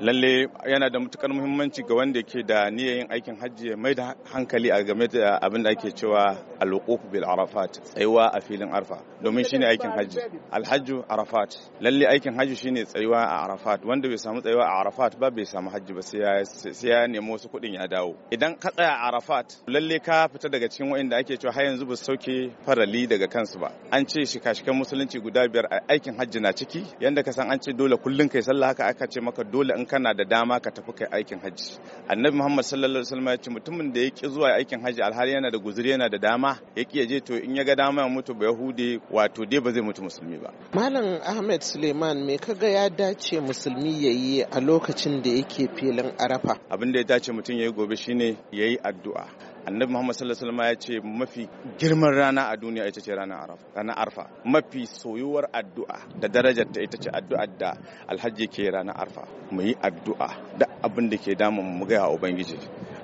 lalle yana da matukar muhimmanci ga wanda ke da niyyar aikin hajji mai da hankali a game da abin da ake cewa alwuquf bil arafat tsayuwa a filin arfa domin shine aikin hajji alhajju arafat lalle aikin hajji shine tsayuwa a arafat wanda bai samu tsayuwa a arafat ba bai samu hajji ba sai ya nemi wasu kuɗin ya dawo idan ka tsaya a arafat lalle ka fita daga cikin waɗanda ake cewa har yanzu ba su sauke farali daga kansu ba an ce shika-shikan musulunci guda biyar aikin hajji na ciki yanda ka san an ce dole kullum kai sallah haka aka ce maka dole kana da dama ka tafi kai aikin hajji annabi muhammad sallallahu alaihi wasallam ya ce mutumin da ya ki zuwa aikin hajji alhali yana da guzuri yana da dama ya ki je to in ya ga dama ya mutu ba yahudi wato dai ba zai mutu musulmi ba malam ahmed suleiman me ga ya dace musulmi yayi a lokacin da yake filin arafa abin da ya dace mutum ya yi gobe shine yi addu'a annabi muhammad sallallahu alaihi ya ce mafi girman rana a duniya ita ce ranar arafa ranar arfa mafi soyuwar addu'a da darajar ta ita ce addu'ar da alhaji ke rana arfa mu yi addu'a da abin da ke damun mu ga ubangiji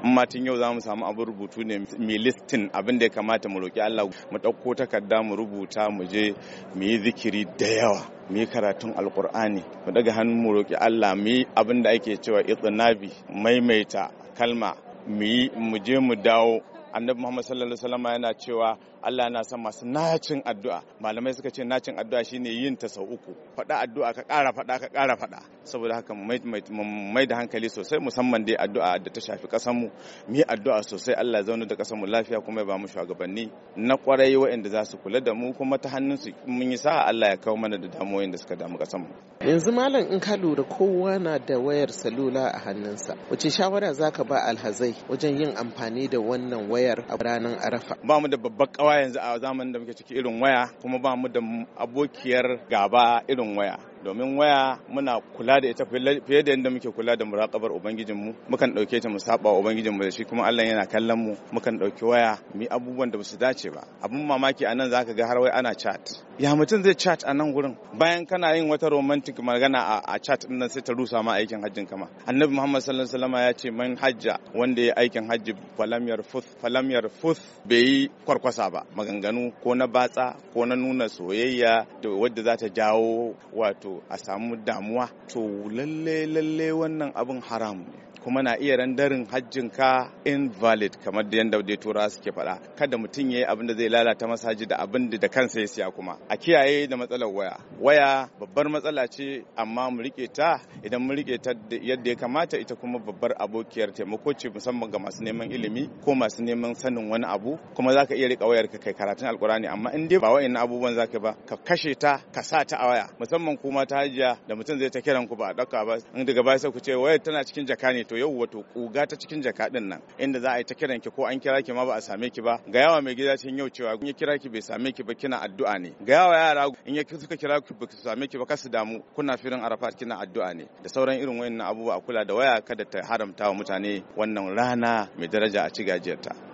amma tun yau za mu samu abin rubutu ne mai listin abin da ya kamata mu roƙi Allah mu ɗauko takarda mu rubuta mu je mu yi zikiri da yawa mu yi karatun alkur'ani mu daga hannu mu roƙi Allah mu yi abin da ake cewa itsinabi maimaita kalma mu yi mu je mu dawo annabi muhammad sallallahu alaihi wasallam yana cewa allah yana son masu nacin addu'a malamai suka ce nacin addu'a shine yin ta sau uku faɗa addu'a ka ƙara faɗa ka ƙara faɗa saboda haka mu mai da hankali sosai musamman dai addu'a da ta shafi ƙasar mu mu yi addu'a sosai allah zauna da ƙasar mu lafiya kuma ya ba mu shugabanni na kwarai waɗanda za su kula da mu kuma ta hannun su mun yi sa'a allah ya kawo mana da damuwoyin da suka damu ƙasar mu yanzu malam in ka lura kowa na da wayar salula a hannunsa wace shawara zaka ba alhazai wajen yin amfani da wannan wayar wayar a ranar arafa ba mu da babbar kawa yanzu a zamanin da muke ciki irin waya kuma ba mu da abokiyar gaba irin waya domin waya muna kula da ita fiye da yadda muke kula da muraƙabar ubangijinmu mukan ɗauke ta mu saba ubangijinmu da shi kuma Allah yana kallon mu mukan ɗauki waya mu abubuwan da su dace ba abun mamaki anan zaka ga har wai ana chat ya mutum zai chat a nan gurin bayan kana yin wata romantic magana a chat din nan sai ta rusa ma aikin hajjin kama annabi Muhammad sallallahu alaihi wasallam ya ce man hajja wanda ya aikin hajji falam yarfuth falam yarfuth bai yi kwarkwasa ba maganganu ko na batsa ko na nuna soyayya da wadda za ta jawo wato a samu damuwa to lalle lalle wannan abin haram ne kuma na iya randarin hajjin ka invalid kamar da yadda dai tura suke faɗa kada mutum ya yi abin da zai lalata masaji da abin da kansa ya siya kuma a kiyaye da matsalar waya waya babbar matsala ce amma mu rike ta idan mu rike ta yadda ya kamata ita kuma babbar abokiyar taimako ce musamman ga masu neman ilimi ko masu neman sanin wani abu kuma zaka iya rika wayar ka kai karatun alkurani amma in dai ba wa'annan abubuwan zaka ba ka kashe ta ka sa ta a waya musamman kuma ta hajiya da mutum zai ta kiran ku ba a dauka ba in daga baya sai ku ce wayar tana cikin jaka ne wato yau wato kuga ta cikin jaka din nan inda za a yi ta kiran ki ko an kira ki ma ba a same ki ba ga yawa mai gida cin yau cewa in ya kira ki bai same ki ba kina addu'a ne ga yawa yara in ya suka kira ki ba su same ki ba kasu damu kuna firin arafa kina addu'a ne da sauran irin wayannan abubuwa a kula da waya kada ta haramta wa mutane wannan rana mai daraja a ci gajiyarta